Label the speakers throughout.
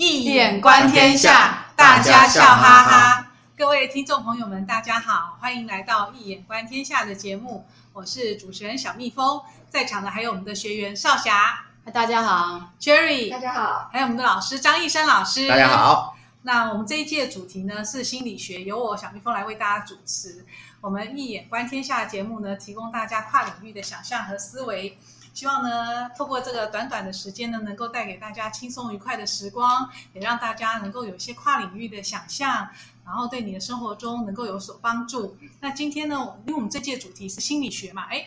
Speaker 1: 易眼觀天下，天下大家笑哈哈。哈哈，各位聽眾朋友們，大家好，歡迎來到《易眼觀天下》的節目，我是主持人小蜜蜂。在場的還有我們的學員少霞，大家好；Jerry，大家好；Jerry, 家好還有我們的老師張藝山老師，大家好。那我們這一季的主題呢，是心理學，由我小蜜蜂來為大家主持。我們《易眼觀天下》的節目呢，提供大家跨領域的想象和思維。希望呢，透過這個短短的時間呢，能夠帶給大家輕鬆愉快的時光，也讓大家能夠有一些跨領域的想象，然後對你的生活中能夠有所幫助。那今天呢，因為我們這屆主題是心理學嘛，哎，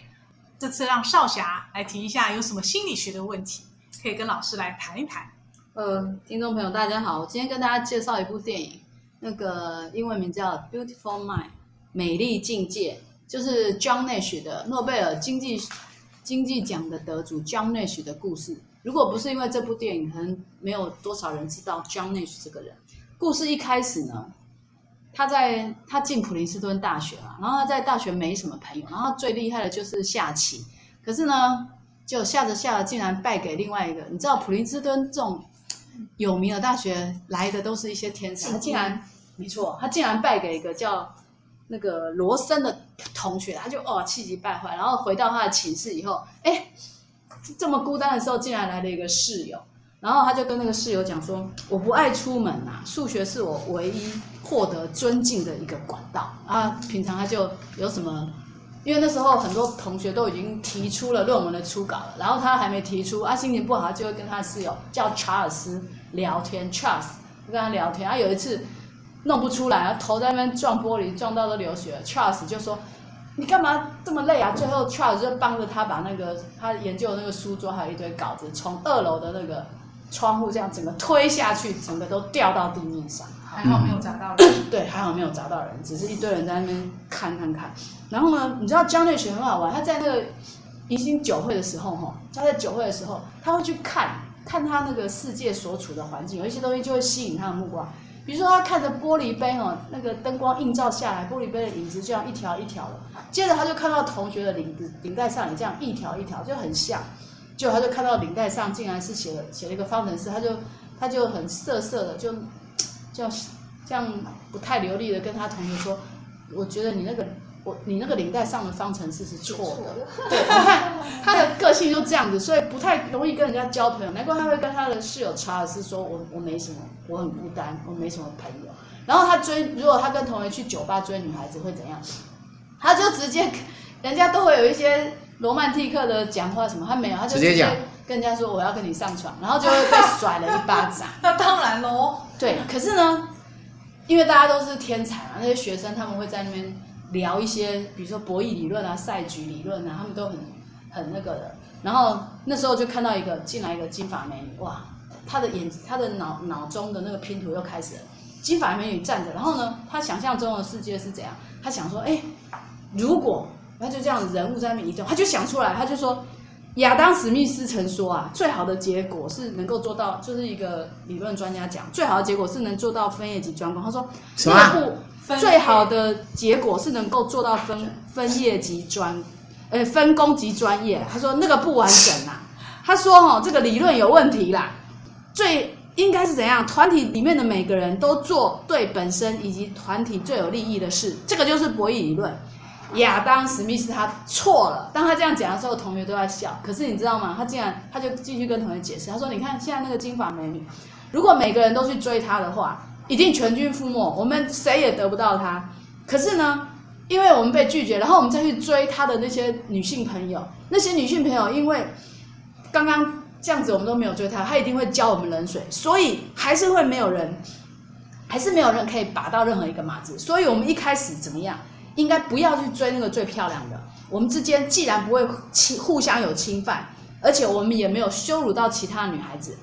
Speaker 1: 這次讓少俠來提一下有什麼心理學的問題，可以跟老師來談一談。
Speaker 2: 呃，聽眾朋友大家好，我今天跟大家介紹一部電影，那個英文名叫《Beautiful Mind》，美麗境界，就是 John Nash 的諾貝爾經濟學。經濟獎的得主 John Nash 的故事，如果不是因為這部電影，可能沒有多少人知道 John Nash 這個人。故事一開始呢，他在他進普林斯頓大學了，啊，然後他在大學沒什麼朋友，然後最厲害的就是下棋。可是呢，就下着下着，竟然敗給另外一個。你知道普林斯頓這種有名的大學來的都是一些天才，他竟然，沒錯，他竟然敗給一個叫，那個羅森的同學，他就哦，氣急敗壞，然後回到他的寢室以後，哎，這麼孤單的時候，竟然來了一個室友，然後他就跟那個室友講說：“我不愛出門吶、啊，數學是我唯一獲得尊敬的一個管道。啊”他平常他就有什麼，因為那時候很多同學都已經提出了論文的初稿了，然後他還沒提出，他、啊、心情不好，就會跟他的室友叫查爾斯聊天，Charles 跟他聊天。他、啊、有一次。弄不出來，頭在那邊撞玻璃，撞到都流血了。Charles 就說：“你幹嘛這麼累啊？”最後 Charles 就幫着他把那個他研究的那個書桌，還有一堆稿子，從二樓的那個窗戶這樣整個推下去，整個都掉到地面上。還好沒有砸到人。 對，還好沒有砸到人，只是一堆人在那邊看看看。然後呢，你知道約翰納許很好玩，他在那個迎新酒會的時候，哈，他在酒會的時候，他會去看看他那個世界所處的環境，有一些東西就會吸引他的目光。比如說，他看着玻璃杯哦，那個燈光映照下來，玻璃杯的影子這樣一條一條的。接着他就看到同學的領子，領帶上也這樣一條一條，就很像。就他就看到領帶上竟然是寫了寫了一個方程式，他就他就很澀澀的就，就，這樣不太流利的跟他同學說，我覺得你那個。我你那個領帶上的方程式是錯的，嗯、對，你看、嗯、他的個性就這樣子，所以不太容易跟人家交朋友，難怪他會跟他的室友查爾斯，是說我我沒什麼，我很孤單，我沒什麼朋友。然後他追，如果他跟同學去酒吧追女孩子會怎樣？他就直接，人家都會有一些羅曼蒂克的講話什麼，他沒有，他就直接跟人家說我要跟你上床，然後就會被甩了一巴掌。啊、那當然嘍，對。可是呢，因為大家都是天才啊，那些學生他們會在那邊。聊一些，比如說博弈理論啊、賽局理論啊，他們都很很那個的。然後那時候就看到一個進來一個金髮美女，哇，她的眼她的腦腦中的那個拼圖又開始了。金髮美女站着，然後呢，她想象中的世界是怎樣？她想說，哎，如果她就這樣人物在那邊移動，她就想出來，她就說，亞當·史密斯曾說啊，最好的結果是能夠做到，就是一個理論專家講，最好的結果是能做到分業及專攻。她說，什麼？最好的結果是能夠做到分分業級專，呃，分工及專業。他說那個不完整啦，啊，他說哦，這個理論有問題啦。最應該是怎樣？團體裡面的每個人都做對本身以及團體最有利益的事，這個就是博弈理論。亞當·史密斯他錯了。當他這樣講的時候，同學都在笑。可是你知道嗎？他竟然他就繼續跟同學解釋，他說：“你看，現在那個金髮美女，如果每個人都去追她的話。”一定全軍覆沒，我們誰也得不到他。可是呢，因為我們被拒絕，然後我們再去追他的那些女性朋友，那些女性朋友因為剛剛這樣子我們都沒有追他，他一定會澆我們冷水，所以還是會沒有人，還是沒有人可以拔到任何一個馬子。所以我們一開始怎麼樣？應該不要去追那個最漂亮的。我們之間既然不會侵互相有侵犯，而且我們也沒有羞辱到其他女孩子，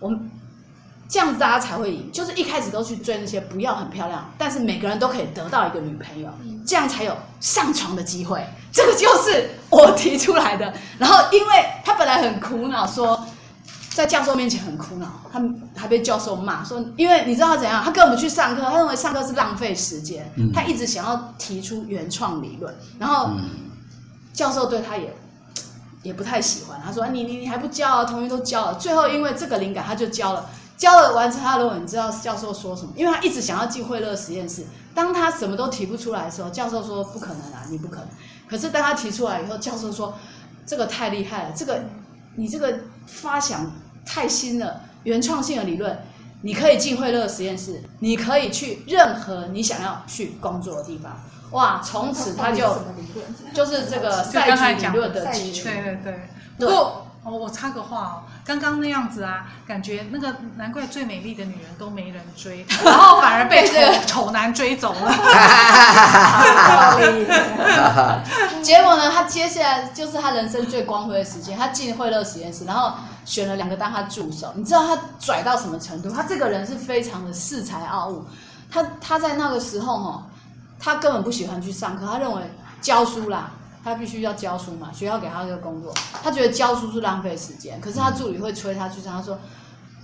Speaker 2: 我們。這樣子大家才會贏，就是一開始都去追那些不要很漂亮，但是每個人都可以得到一個女朋友，嗯、這樣才有上床的機會。這個就是我提出來的。然後，因為他本來很苦惱說，說在教授面前很苦惱，他們還被教授罵說，因為你知道他怎樣？他根本不去上課，他認為上課是浪費時間，嗯、他一直想要提出原創理論。然後、嗯、教授對他也也不太喜歡，他說：“你你你還不交啊？同學都交了。”最後因為這個靈感，他就交了。交了，完成他的論文，你知道教授說什麼？因為他一直想要進惠勒實驗室。當他什麼都提不出來的時候，教授說不可能啊，你不可能。可是當他提出來以後，教授說這個太厲害了，這個你這個發想太新了，原創性的理論，你可以進惠勒實驗室，你可以去任何你想要去工作的地方。哇，從此他就
Speaker 1: 是就是這個賽局理論的基礎。對對對。不過對、哦、我插個話哦，剛剛那樣子啊，感覺那個難怪最美麗的女人都沒人追，然後反而被這個醜 對男追走了。
Speaker 3: 哈哈哈哈哈，哈哈哈哈哈！
Speaker 2: 結果呢，他接下來就是他人生最光輝的時間，他進惠勒實驗室，然後選了兩個當他助手。你知道他拽到什麼程度？他這個人是非常的恃才傲物。他他在那個時候哦，他根本不喜歡去上課，他認為教書啦。他必須要教書嘛，學校給他這個工作，他覺得教書是浪費時間。可是他助理會催他去。去他說，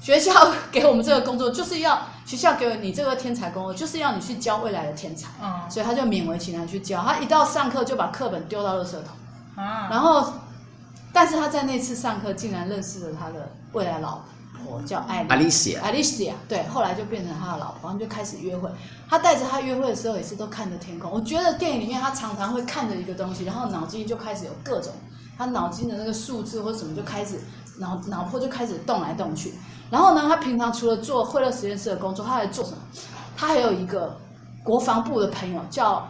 Speaker 2: 學校給我們這個工作，就是要學校給你這個天才工作，就是要你去教未來的天才。嗯、所以他就勉為其難去教。他一到上課就把課本丟到垃圾桶。啊、嗯，然後，但是他在那次上課竟然認識了他的未來老婆。我叫艾麗絲，艾麗西亞。艾麗西亞，對，後來就變成他的老婆，然後就開始約會。他帶着她約會的時候，也是都看着天空。我覺得電影裡面他常常會看着一個東西，然後腦筋就開始有各種，他腦筋的那個數字或什麼就開始腦腦波就開始動來動去。然後呢，他平常除了做惠勒實驗室的工作，他還做什麼？他還有一個國防部的朋友叫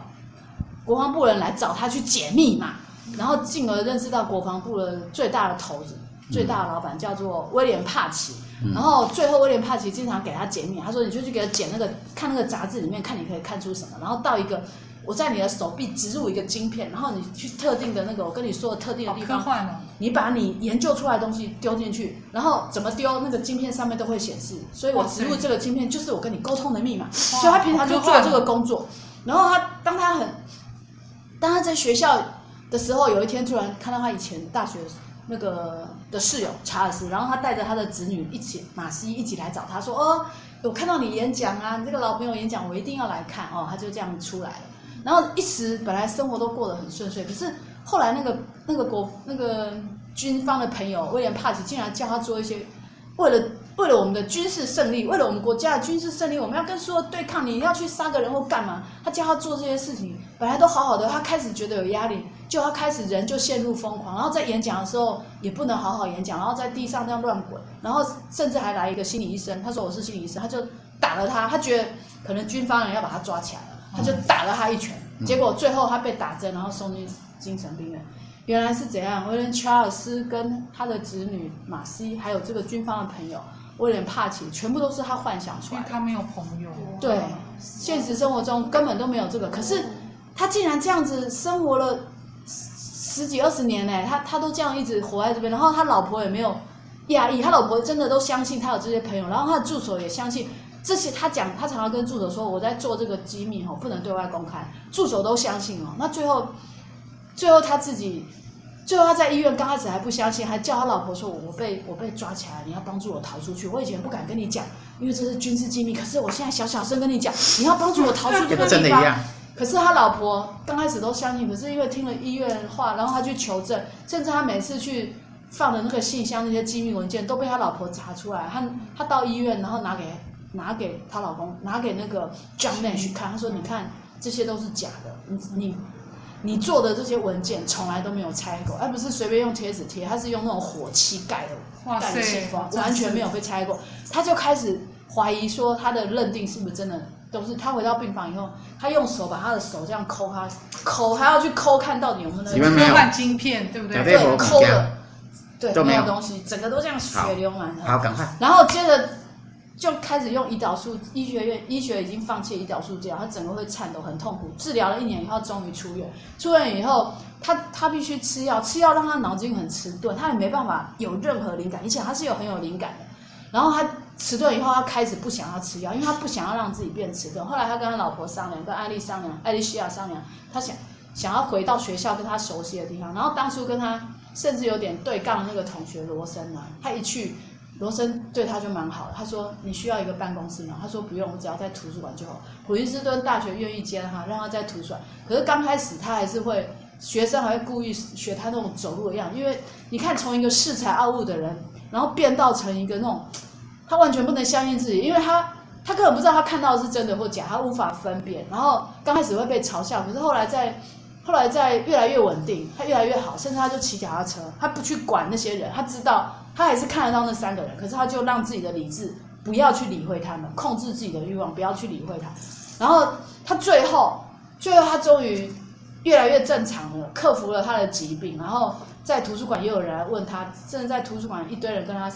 Speaker 2: 國防部人來找他去解密嘛，然後進而認識到國防部的最大的頭子。最大的老闆叫做威廉帕契，嗯、然後最後威廉帕契經常給他解密，他說：“你就去給他剪那個，看那個雜誌裡面看，你可以看出什麼。”然後到一個，我在你的手臂植入一個晶片，然後你去特定的那個，我跟你說的特定的地方，啊、你把你研究出來的東西丟進去，然後怎麼丟，那個晶片上面都會顯示。所以我植入這個晶片就是我跟你溝通的密碼。所以塞，他平常就做這個工作。啊啊、然後他當他很，當他在學校的時候，有一天突然看到他以前大學那個。的室友查爾斯，然後他帶着他的子女一起，馬西一起來找他，說：“哦，我看到你演講啊，你這個老朋友演講，我一定要來看哦。”他就這樣出來了。然後一時本來生活都過得很順遂，可是後來那個那個國那個軍方的朋友威廉帕契竟然叫他做一些，為了為了我們的軍事勝利，為了我們國家的軍事勝利，我們要跟蘇俄對抗，你要去殺個人或幹嘛？他叫他做這些事情，本來都好好的，他開始覺得有壓力。就他開始，人就陷入瘋狂，然後在演講的時候也不能好好演講，然後在地上這樣亂滾，然後甚至還來一個心理醫生，他說我是心理醫生，他就打了他，他覺得可能軍方人要把他抓起來了，他就打了他一拳，嗯、結果最後他被打針，然後送進精神病院。嗯、原來是這樣，威廉查爾斯跟他的子女馬西，還有這個軍方的朋友威廉帕奇，全部都是他幻想出來。因為他沒有朋友。對，現實生活中根本都沒有這個，可是他竟然這樣子生活了。十幾二十年嘞，他他都這樣一直活在這邊，然後他老婆也沒有壓抑，他老婆真的都相信他有這些朋友，然後他的助手也相信，這些他講，他常常跟助手說，我在做這個機密哦，不能對外公開，助手都相信哦，那最後，最後他自己，最後他在醫院剛開始還不相信，還叫他老婆說，我我被我被抓起來，你要幫助我逃出去，我以前不敢跟你講，因為這是軍事機密，可是我現在小小聲跟你講，你要幫助我逃出這個地方。 可是他老婆剛開始都相信，可是因為聽了醫院的話，然後他去求證，甚至他每次去放的那個信箱那些機密文件都被他老婆查出來。他他到醫院，然後拿給拿給他老公，拿給那個姜堰去看，他說：“嗯、你看，這些都是假的，你你你做的這些文件從來都沒有拆過，而不是隨便用貼紙貼，他是用那種火漆蓋的，的信封，完全沒有被拆過。”他就開始懷疑說他的認定是不是真的。都是他回到病房以後，他用手把他的手這樣摳，他摳還要去摳，看到底有沒有更換晶片，對不對？對，摳的沒，對沒有東西，整個都這樣血流滿了。好，趕快。然後接着就開始用胰島素，醫學院醫學已經放棄胰島素治療，他整個會顫抖，很痛苦。治療了一年以後，終於出院。出院以後，他他必須吃藥，吃藥讓他腦筋很遲鈍，他也沒辦法有任何靈感，而且他是有很有靈感的。然後他。遲鈍以後，他開始不想要吃藥，因為他不想要讓自己變遲鈍。後來他跟他老婆商量，跟艾麗商量，艾麗西亞商量，他想想要回到學校跟他熟悉的地方。然後當初跟他甚至有點對抗的那個同學羅森呢，他一去羅森對他就蠻好的，他說你需要一個辦公室嗎？他說不用，我只要在圖書館就好。普林斯頓大學願意接他，讓他在圖書館。可是剛開始他還是會學生，還會故意學他那種走路的樣，因為你看從一個恃才傲物的人，然後變到成一個那種。他完全不能相信自己，因為他他根本不知道他看到的是真的或假，他無法分辨。然後剛開始會被嘲笑，可是後來在後來在越來越穩定，他越來越好，甚至他就騎腳踏車，他不去管那些人，他知道他還是看得到那三個人，可是他就讓自己的理智不要去理會他們，控制自己的欲望，不要去理會他。然後他最後最後他終於越來越正常了，克服了他的疾病。然後在圖書館也有人來問他，甚至在圖書館一堆人跟他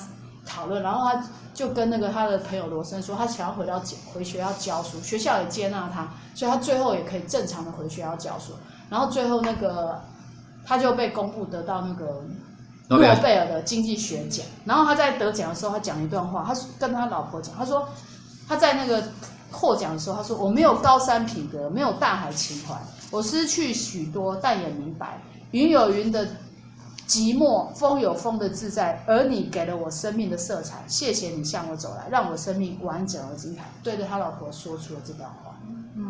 Speaker 2: 討論，然後他就跟那個他的朋友羅森說，他想要回到回學校教書，學校也接納他，所以他最後也可以正常的回學校教書。然後最後那個他就被公布得到那個諾貝爾的經濟學獎。然後他在得獎的時候，他講一段話，他跟他老婆講，他說他在那個獲獎的時候，他說我沒有高山品格，沒有大海情懷，我失去許多，但也明白雲有雲的。寂寞，風有風的自在，而你給了我生命的色彩。謝謝你向我走來，讓我生命完整而精彩。對着他老婆說出了這段話。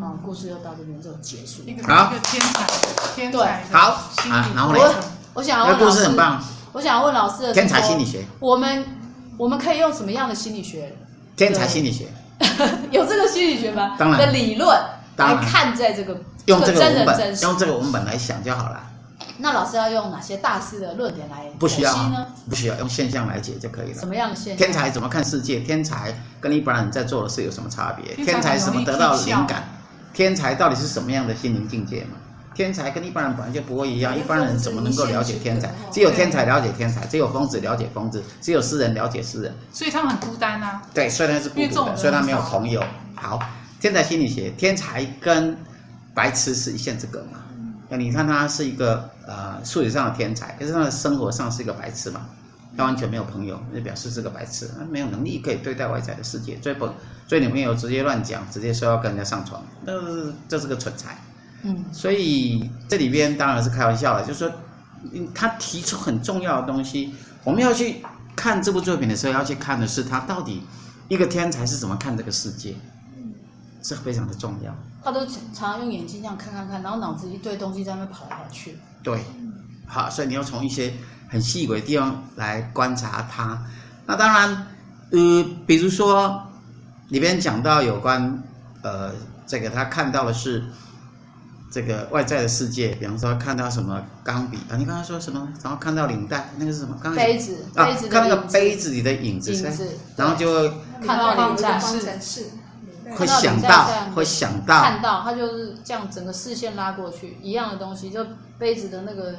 Speaker 2: 好，故事又到這邊就結束。好，天才，天才，對，好，啊，我，我想要問老師，故事很棒。
Speaker 3: 我想要問老師，天才心理學，
Speaker 2: 我們我們可以用什麼樣的心理學？
Speaker 3: 天才心理學，
Speaker 2: 有這個心理學嗎？當然的理論，來看在這個
Speaker 3: 用這個文本，用這個文本來想就好了。
Speaker 2: 那老師要用哪些大師的論點
Speaker 3: 來剖析呢？不需要啊，不需要，用現象來解就可以了。什麼樣的現象？天才怎麼看世界？天才跟一般人在做的事有什麼差別？因為 天才怎麼得到靈感？天才到底是什麼樣的心靈境界嘛？天才跟一般人本來就不會一樣，對一般人怎麼能夠了解天才？只有天才了解天才，對只有瘋子了解瘋子，只有詩人了解詩人。
Speaker 1: 所以他們很孤單啊。
Speaker 3: 對，雖然是孤獨的，雖然他沒有朋友。好，天才心理學，天才跟白痴是一線之隔嘛？那你看，他是一個呃，數學上的天才，可是他的生活上是一個白痴嘛，他完全沒有朋友，那表示是個白痴，他沒有能力可以對待外在的世界，最不，最女朋友直接亂講，直接說要跟人家上床，這是這是個蠢材，嗯，所以這裡邊當然是開玩笑了，就是說，他提出很重要的東西，我們要去看這部作品的時候，要去看的是他到底一個天才是怎麼看這個世界，是非常的重要。
Speaker 2: 他都常常用眼睛這樣看看看，然後腦子一堆東西在那
Speaker 3: 跑來跑去。對，好，所以你要從一些很細微的地方來觀察他。那當然，呃，比如說裡邊講到有關，呃，這個他看到的是這個外在的世界，比方說看到什麼鋼筆啊？你剛才說什麼？然後看到領帶，那個是什麼？剛剛杯子，啊、杯子的影子。子影子，影子是。然後就對看
Speaker 1: 到
Speaker 2: 方程式。會想到，到會想到，看到它就是這樣，整個視線拉過去，一樣的東西，就杯子的那個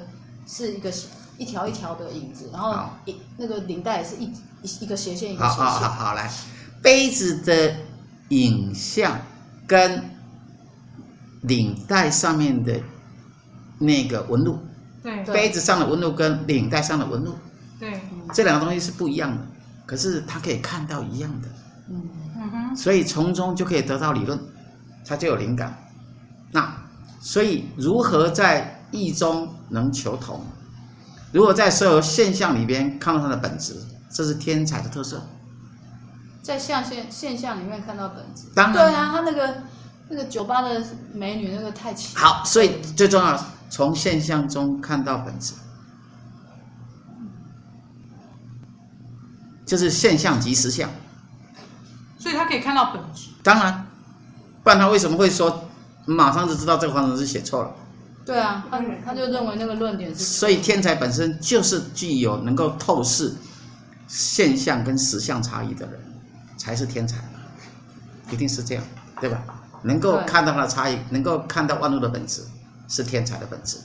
Speaker 2: 是一個一條一條的影子，嗯、然後一好那個領帶也是一一一,一個斜線一個斜線。好，好好
Speaker 3: 好，來，杯子的影像跟領帶上面的那個紋路，
Speaker 2: 對，杯子上的紋
Speaker 3: 路跟領帶上的紋路，
Speaker 2: 對，這
Speaker 3: 兩個東西是不一樣的，可是他可以看到一樣的，嗯。所以從中就可以得到理論，他就有靈感。那所以如何在易中能求同？如果在所有現象裡邊看到它的本質，這是天才的特色。
Speaker 2: 在象現現象裡面看到本質，當然對啊，他那個那個酒吧的美女，那個太
Speaker 3: 奇。好，所以最重要從現象中看到本質，就是現象即實相。
Speaker 1: 所以他可以看到本
Speaker 3: 質。當然，不然他為什麼會說馬上就知道這個方程式寫錯了？對啊，他他就
Speaker 2: 認為那個論點是。
Speaker 3: 所以天才本身就是具有能夠透視現象跟實相差異的人才是天才，一定是這樣，對吧？能夠看到他的差異，對能夠看到萬物的本質是天才的本質，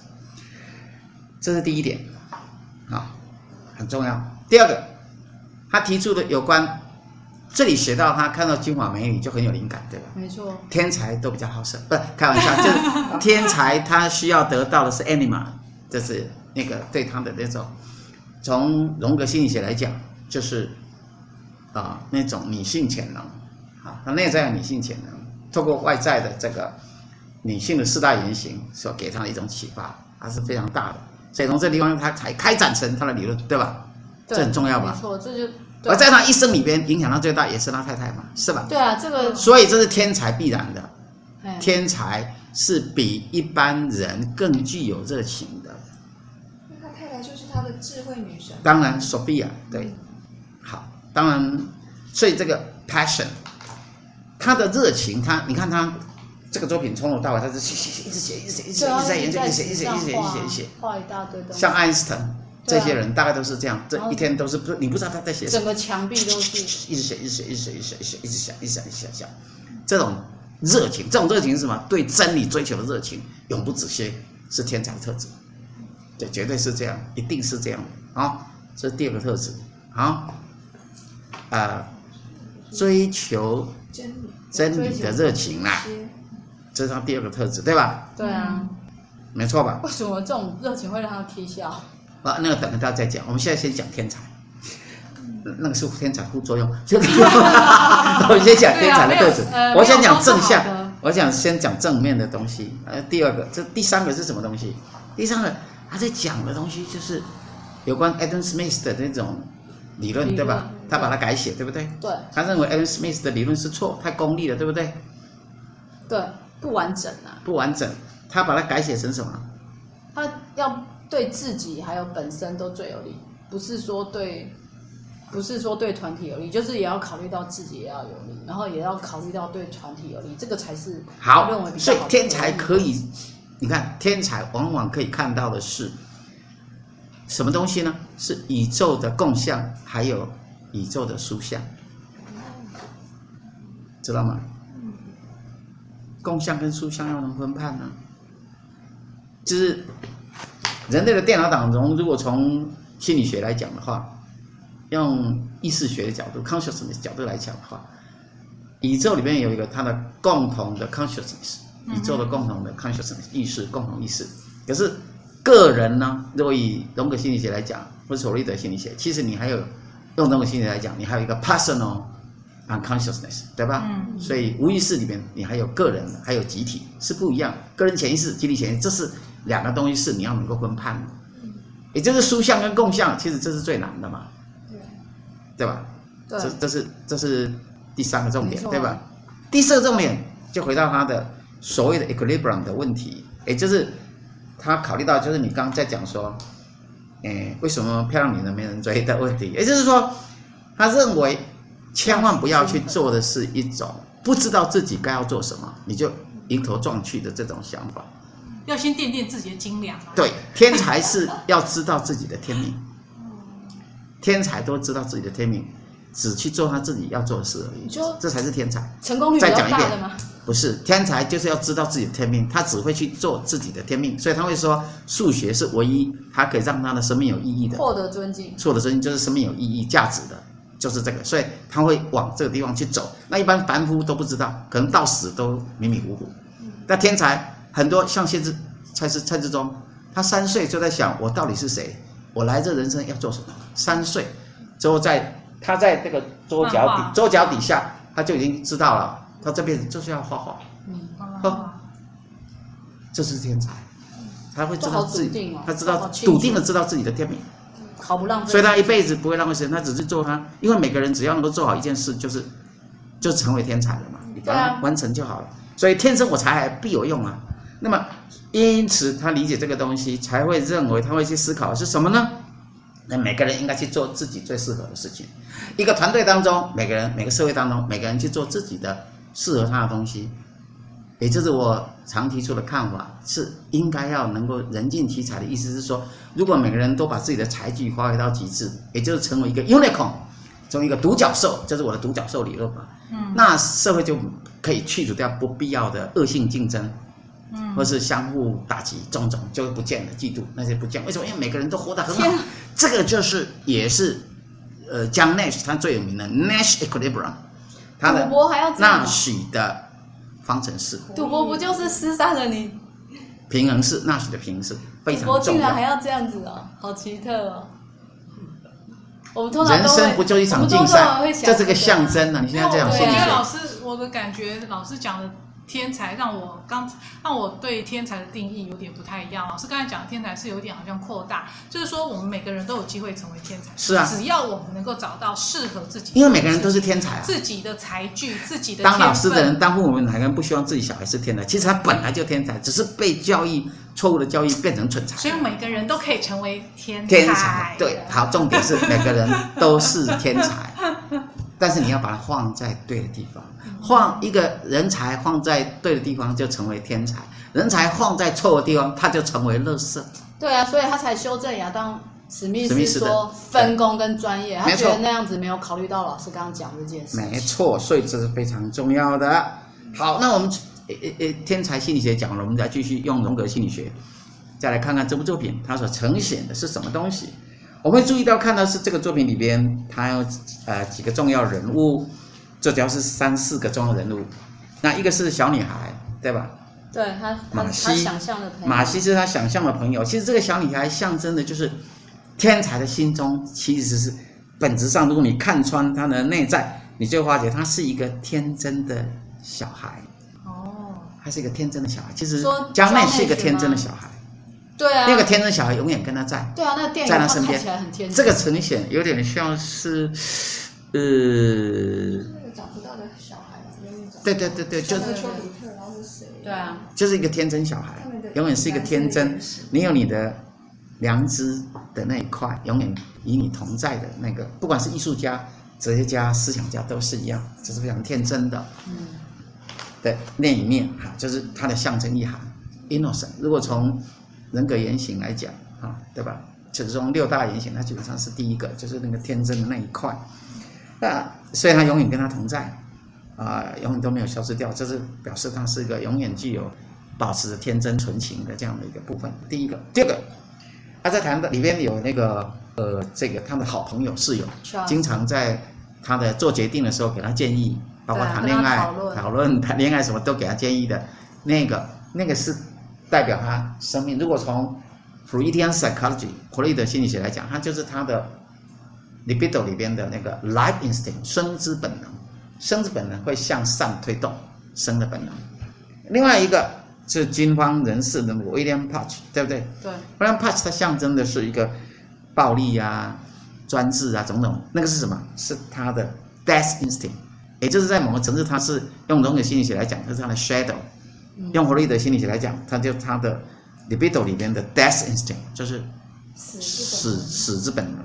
Speaker 3: 這是第一點啊，很重要。第二個，他提出的有關。這裡寫到他看到金髮美女就很有靈感，對吧？沒錯，天才都比較好色，不、呃、是開玩笑。就天才他需要得到的是 anima，就 是那個對他的那種，從榮格心理學來講，就是啊、呃、那種女性潛能，啊他內在的女性潛能，透過外在的這個女性的四大原型所給他的一種啟發，還是非常大的。所以從這地方他才開展成他的理論，對吧？對，這很重要吧？
Speaker 2: 這就。而、啊、在他一生裡
Speaker 3: 邊，影響他最大也是他太太嘛，是吧？對
Speaker 2: 啊，這個。所以
Speaker 3: 這是天才必然的，嗯、天才是比一般人更具有熱情的。那
Speaker 2: 他太太就是他的智慧女
Speaker 1: 神。當然
Speaker 3: ，Sophia，對，嗯、好，當然，所以這個 passion，他的熱情，他，你看他這個作品從頭到尾，他是寫寫寫，一直寫，一直一直，對啊，一直在研究，一直寫，一直寫，一直寫，
Speaker 2: 畫一大堆東西，像愛因
Speaker 3: 斯坦。這些人大概都是這樣，這一天都是不，然後，你不知道他在寫什麼。
Speaker 2: 整個牆壁都是，
Speaker 3: 一直寫，一直寫，一直寫，一直寫，一直寫，一直寫，一直寫，這種熱情，這種熱情是什麼？對真理追求的熱情，永不止歇，是天才特質，這絕對是這樣，一定是這樣啊！這是第二個特質啊，呃，追求
Speaker 2: 真理的熱情啊，
Speaker 3: 這是他第二個特質，對吧？對啊、
Speaker 2: 嗯，沒錯吧？為什麼這種熱情會讓他啼笑？
Speaker 3: 啊，那個等一下再講，我們現在先講天才，那個是天才副作用。 我們先講天才的特質。啊呃、我想講正向，呃、我想先，先講正面的東西。呃，第二個，這第三個是什麼東西？第三個他在講的東西就是有關亞當·史密斯的那種理論，理論對吧？他把它改寫，對，對不對？對。他認為亞當·史密斯的理論是錯，太功利了，對不對？
Speaker 2: 對，不完整啊。不
Speaker 3: 完整，他把它改寫成什麼？他要。
Speaker 2: 對自己還有本身都最有利，不是說對，不是說對團體有利，就是也要考慮到自己也要有利，然後也要考慮到對團體有利，這個才是我認為比較好的。所以天
Speaker 3: 才可以，你看天才往往可以看到的是什麼東西呢？是宇宙的共相還有宇宙的殊相，知道嗎？共相跟殊相要能分判呢，就是。人類的電腦當中，如果從心理學來講的話，用意識學的角度、consciousness 的角度來講的話，宇宙裡面有一個它的共同的 consciousness，宇宙的共同的 consciousness 意識、共同意識。可是個人呢，如果以榮格心理學來講，或者弗洛伊德心理學，其實你還有用榮格心理學來講，你還有一個 personal unconsciousness，對吧？嗯、所以無意識裡面，你還有個人，還有集體，是不一樣的。個人潛意識、集體潛意識，這是。兩個東西是你要能夠分判的，也就是殊相跟共相，其實這是最難的嘛，
Speaker 2: 對，
Speaker 3: 對吧？對，這這是這是第三個重點，沒錯。對吧？第四個重點就回到他的所謂的 equilibrium 的問題，也就是他考慮到就是你剛剛在講說，哎，為什麼漂亮女人沒人追的問題，也就是說，他認為千萬不要去做的是一種不知道自己該要做什麼，你就迎頭撞去的這種想法。
Speaker 1: 要先掂掂自己的斤兩。對，
Speaker 3: 天才是要知道自己的天命。 嗯、天才都知道自己的天命，只去做他自己要做的事而已。說這才是天才。成功率再講一遍，不是，天才就是要知道自己的天命，他只會去做自己的天命，所以他會說數學是唯一他可以讓他的生命有意義的，獲
Speaker 2: 得尊敬。獲
Speaker 3: 得尊敬就是生命有意義、價值的，就是這個，所以他會往這個地方去走。那一般凡夫都不知道，可能到死都迷迷糊糊。那、嗯、天才。很多像蔡志，蔡是蔡志忠，他三歲就在想，我到底是誰？我來這人生要做什麼？三歲，之後在他在這個桌腳底畫桌腳底下，他就已經知道了，他這輩子就是要畫畫，畫畫、嗯，呵這是天才，他會知道自己，啊、他知道篤定的知道自己的天命，好不浪費，所以他一輩子不會浪費時間，他只是做他，因為每個人只要能夠做好一件事，就是就成為天才了嘛，完完成就好了，所以天生我材必有用啊。那麼，因此他理解這個東西，才會認為他會去思考是什麼呢？那每個人應該去做自己最適合的事情。一個團隊當中，每個人；每個社會當中，每個人去做自己的適合他的東西。也就是我常提出的看法，是應該要能夠人盡其才的意思是說，如果每個人都把自己的才具發揮到極致，也就是成為一個 unicorn，成為一個獨角獸，這是我的獨角獸理論吧。嗯。那社會就可以去除掉不必要的惡性競爭。或是相互打擊、種種就會不見了。嫉妒那些不見了，為什麼？因為每個人都活得很好。天這個就是也是，呃、Jean、，NASH 他最有名的 NASH equilibrium，他的納許的方程式。賭博
Speaker 1: 不就是失散了你？
Speaker 3: 平衡式，納許、哦、的平衡式非常重要。我竟然
Speaker 1: 還要這樣子哦，好奇特哦！我們通常都會，人生不就一場競賽，我們通常會想、這個，這是個象徵呢、啊。你現在這樣，因為、哦啊、學老師我的感覺，老師講的。天才讓我剛讓我對天才的定義有點不太一樣。老師剛才講的天才，是有點好像擴大，就是說我們每個人都有機會成為天才。是啊，只要我們能夠找到適合自己，自己，因為每個人都
Speaker 3: 是天才啊，自
Speaker 1: 己的才具、自己的當老師的人，當
Speaker 3: 父母的人，不希望自己小孩是天才，其實他本來就天才，只是被教育錯誤的教育變成蠢材。所
Speaker 1: 以每個人都可以成為天才。天才
Speaker 3: 對，好，重點是每個人都是天才。 但是你要把它放在對的地方，放一個人才放在對的地方就成為天才，人才放在錯的地方他就成為垃圾。對啊，所
Speaker 2: 以他才修正亞當史密斯說分工跟專業，他覺得那樣子沒有考慮到老師剛剛講這件事。沒
Speaker 3: 錯，所以這是非常重要的。好，那我們誒誒，天才心理學講了，我們再繼續用榮格心理學，再來看看這部作品它所呈現的是什麼東西。我們會注意到，看到是這個作品裡邊，他有呃幾個重要人物，這主要是三四個重要人物。那一個是小女孩，對吧？對，
Speaker 1: 他馬西他他馬
Speaker 3: 西是他想象的朋友。嗯、其實這個小女孩象徵的，就是天才的心中其實是本質上。如果你看穿他的內在，你就發覺他是一個天真的小孩。哦，他是一個天真的小孩。其實江奈說家內 是一個天真的小孩。對啊，那個天真小孩永遠跟他在，對
Speaker 2: 啊，那個電影拍起來很天真。這個呈
Speaker 3: 現有點像是，呃，啊、對對對對，就是。丘比特然後是誰？對啊，就是一個天真小孩，對對對永遠是一個天真。對對對你有你的良知的那一塊，永遠與你同在的那個，不管是藝術家、哲學家、思想家，都是一樣，就是非常天真的。嗯。的那一面哈，就是他的象徵意涵，innocent。In ent, 如果從人格原型來講，啊，對吧？其中六大原型，它基本上是第一個，就是那個天真的那一塊。啊，所以他永遠跟他同在，啊，永遠都沒有消失掉。這是表示他是一個永遠具有保持天真純情的這樣的一個部分。第一個，第二個，他、啊、在談的裡面有那個呃，這個他的好朋友室友，啊、經常在他的做決定的時候給他建議，包括談戀愛、討論談戀愛什麼都給他建議的那個，那個是。代表他生命。如果從 Freudian psychology（ 弗洛伊德的心理學）來講，他就是他的 libido 裡邊的那個 life instinct（ 生之本能）。生之本能會向上推動，生的本能。另外一個是軍方人士的 William Parcher，對不對？對。William Parcher 他象徵的是一個暴力呀、啊、專制啊，種種。那個是什麼？是他的 death instinct，也就是在某個層次，他是用榮格心理學來講，就是他的 shadow。用弗洛伊德心理學來講，他就他的 libido 裡面的 “Death Instinct”，就是死死死之本能，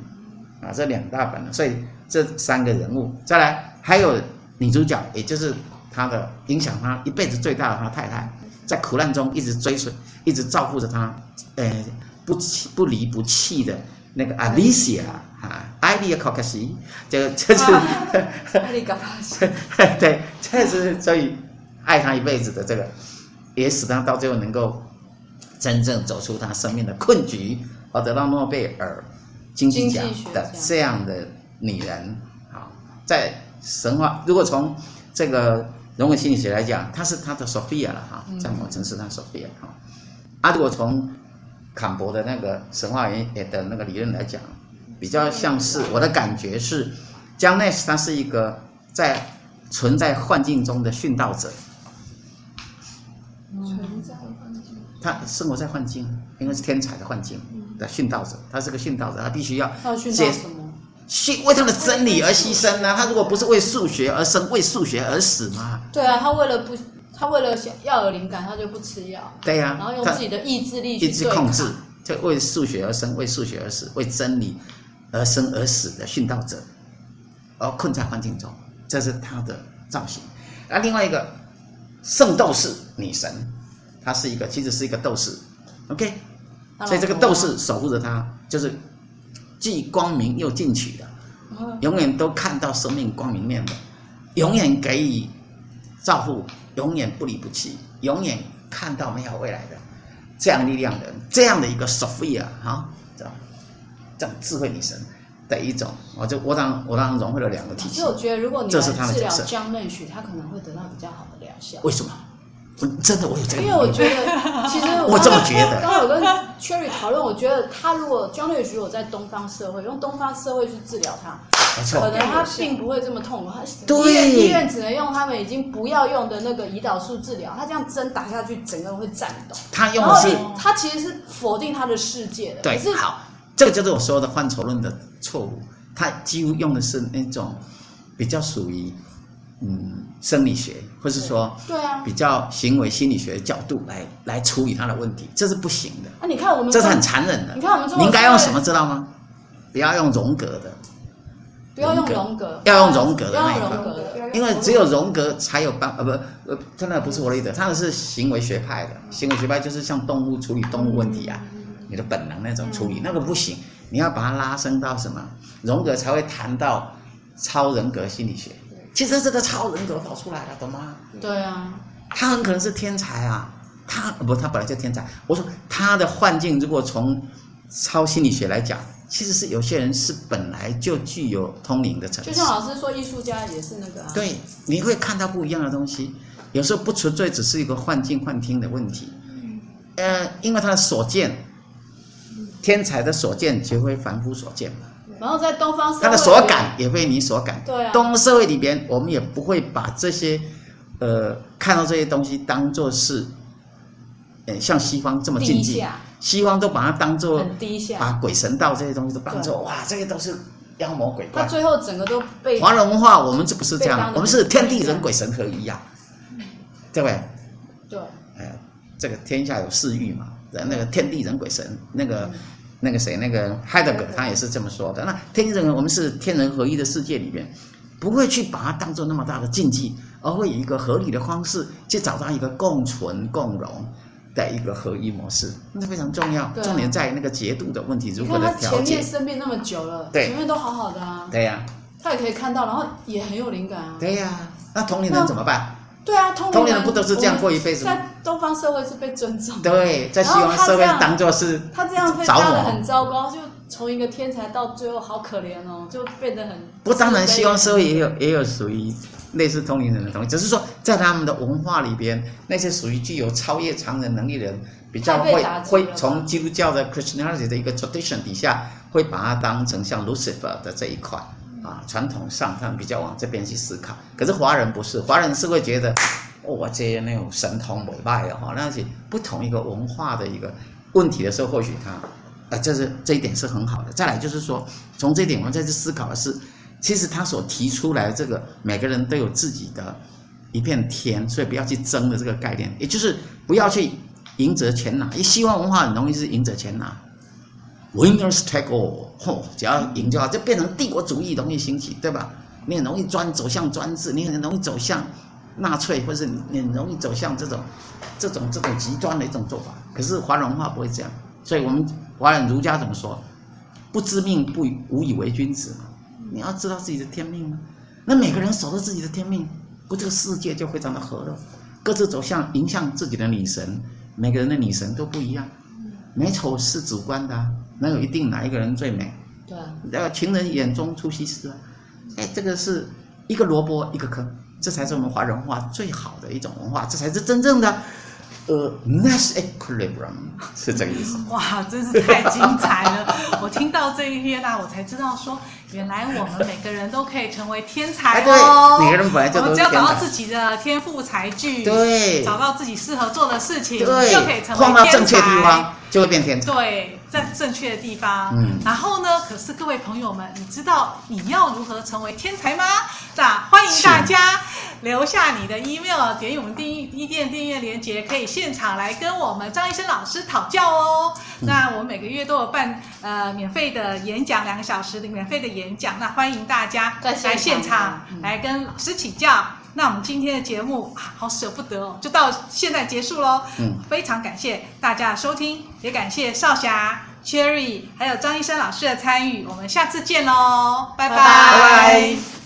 Speaker 3: 嗯、啊，這兩大本能。所以這三個人物，再來還有女主角，也就是他的影響他一輩子最大的他太太，在苦難中一直追隨、一直照顧着他，呃，不不離不棄的那個 Alicia 啊，Alicia k a k a s i 這個這是，Alicia k a k a s i 對，這，就是最愛他一輩子的這個。也使她到最後能夠真正走出她生命的困局，而得到諾貝爾經濟獎的這樣的女人，好，在神話。如果從這個榮格心理學來講，她是她的 Sophia 了、啊、哈，在某城是她 Sophia 哈。嗯、啊，如果從坎博的那個神話也的那個理論來講，比較像是、嗯、我的感覺是江奈、嗯、斯她是一個在存在幻境中的殉道者。他生活在幻境，應該是天才的幻境的殉道者。嗯、他是個殉道者，他必須要為他的真理而犧牲呢。他如果不是為數學而生，為數學而死嗎？對啊，
Speaker 2: 他為了不，他為了想要有靈感，他就不吃藥。對啊。然後用自己的意志力去，意志控制，
Speaker 3: 就為數學而生，為數學而死，為真理而生而死的殉道者，而困在幻境中，這是他的造型。那另外一個聖鬥士女神。他是一個，其實是一個鬥士，OK，、啊、
Speaker 2: 所以這個鬥士
Speaker 3: 守護着他，就是既光明又進取的，
Speaker 2: 永遠
Speaker 3: 都看到生命光明面的，永遠給予照顧，永遠不離不棄，永遠看到美好未來的這樣力量的，這樣的一個 Sophia 啊，這這樣智慧女神的一種，我就我當我當融匯了兩個體系。其實、啊、我覺得，如果你治療約翰
Speaker 2: 納許，他可能會得到比較好的療效。為什
Speaker 3: 麼？真的，我有這個因。因為我覺得，其實我，剛剛剛 我這麼覺得。
Speaker 2: 剛剛我跟 Cherry 討論，我覺得他如果強納許， 將有在東方社會，用東方社會去治療他，沒錯可能他並不會這麼痛苦。醫院醫院只能用他們已經不要用的那個胰島素治療，他這樣針打下去，整個人會顫抖。他用的是，然後，他其實是否定他的世界的。對，是好，
Speaker 3: 這個就是我說的範疇論的錯誤。他幾乎用的是那種比較屬於嗯。生理學，或是說對對、啊、比較行為心理學的角度來來處理他的問題，這是不行的。
Speaker 2: 啊，你看我們，這是很殘忍的。你看我們你應該用什麼知
Speaker 3: 道嗎？不要用榮格的，不要用榮
Speaker 2: 格，要用榮格的那一套。因為
Speaker 3: 只有榮格才有辦，呃不，呃，他那不是我的意思他那、嗯、是行為學派的。行為學派就是像動物處理動物問題啊，嗯、你的本能那種處理、嗯、那個不行。你要把它拉伸到什麼？榮格才會談到超人格心理學。其實這個超人格搞出來了，懂嗎？對啊，他很可能是天才啊，他不，他本來就天才。我說他的幻境，如果從超心理學來講，其實是有些人是本來就具有通靈的層次。就像老
Speaker 2: 師說，藝術家也是那個啊。對，
Speaker 3: 你會看到不一樣的東西，有時候不純粹只是一個幻境、幻聽的問題。嗯。呃，因為他的所見，天才的所見絕非凡夫所見。
Speaker 2: 然後在東方，他的所感
Speaker 3: 也被你所感。東方社會裡邊，我們也不會把這些，呃，看到這些東西當做是，呃，像西方這麼禁忌。西方都把它當做把鬼神道這些東西都當做哇，這些都是妖魔鬼怪。那最
Speaker 2: 後整個都被。華人文
Speaker 3: 化我們就不是這樣，我們是天地人鬼神合一呀！嗯。各位。
Speaker 2: 對。
Speaker 3: 這個天下有四欲嘛。那個天地人鬼神那個。那個誰，那個海德格，他也是這麼說的。那天人，我們是天人合一的世界裡面，不會去把它當做那麼大的禁忌，而會以一個合理的方式去找到一個共存共榮的一個合一模式，那非常重要。對重點在那個節度的問題，如何的調節他前面生病那麼久了，對前面
Speaker 2: 都好好的啊。對呀，啊。他也可以看到，然後也很有靈感啊。
Speaker 3: 對呀，啊，那同齡人怎麼辦？
Speaker 2: 對啊，通靈人,人不都是這樣過一輩子嗎？在東方社會是被尊重的。對，在西方社會當做是他。他這樣被評價的很糟糕，就從一個天才到最後好可憐哦，就變得很。不過當然，西方社會也
Speaker 3: 有也有屬於類似通靈人的東西，只是說在他們的文化裡邊，那些屬於具有超越常人能力的人，比較會會從基督教的 Christianity 的一個 tradition 底下，會把它當成像 Lucifer 的這一塊。啊，傳統上他們比較往這邊去思考，可是華人不是，華人是會覺得，我、哦、這些那種神童崇拜啊，那些不同一個文化的一個問題的時候，或許他，啊、哎，這是這一點是很好的。再來就是說，從這一點我們再去思考的是，其實他所提出來這個每個人都有自己的一片天，所以不要去爭的這個概念，也就是不要去贏者全拿，一西方文化很容易是贏者全拿。winner's take all，哦、吼，只要贏就好，就變成帝國主義容易興起，對吧？你很容易專走向專制，你很容易走向納粹，或是你很容易走向這種，這種這種極端的一種做法。可是華人文化不會這樣，所以我們華人儒家怎麼說？不知命不以無以為君子。你要知道自己的天命，那每個人守着自己的天命，不這個世界就非常的和樂了。各自走向迎向自己的女神，每個人的女神都不一樣，美醜是主觀的、啊。能有一定哪一個人最美？對啊，要情人眼中出西施啊！哎，這個是一個蘿蔔一個坑，這才是我們華人文化最好的一種文化，這才是真正的呃，nash equilibrium 是這個意思。
Speaker 1: 哇，真是太精彩了！ 我聽到這些呢，我才知道說，原來我們每個人都可以成為天才哦。哎、對，每個人本來就都是天才。我們只要找到自己的天賦才具，對，找到自己適合做的事情，對，就可以成為天才，正確的地方就會變天才。對。對在正確的地方，嗯，然後呢，可是各位朋友們，你知道你要如何成為天才嗎？那歡迎大家留下你的 email，給是我們訂閱一點訂閱鏈接，可以現場來跟我們張醫生老師討教哦。嗯、那我們每個月都有辦呃免費的演講，兩個小時的免費的演講，那歡迎大家來現場來跟老師請教。嗯那我們今天的節目啊，好捨不得哦，就到現在結束嘍。嗯，非常感謝大家的收聽，也感謝少俠、Cherry 還有張醫生老師的參與。我們下次見嘍，拜拜。Bye bye。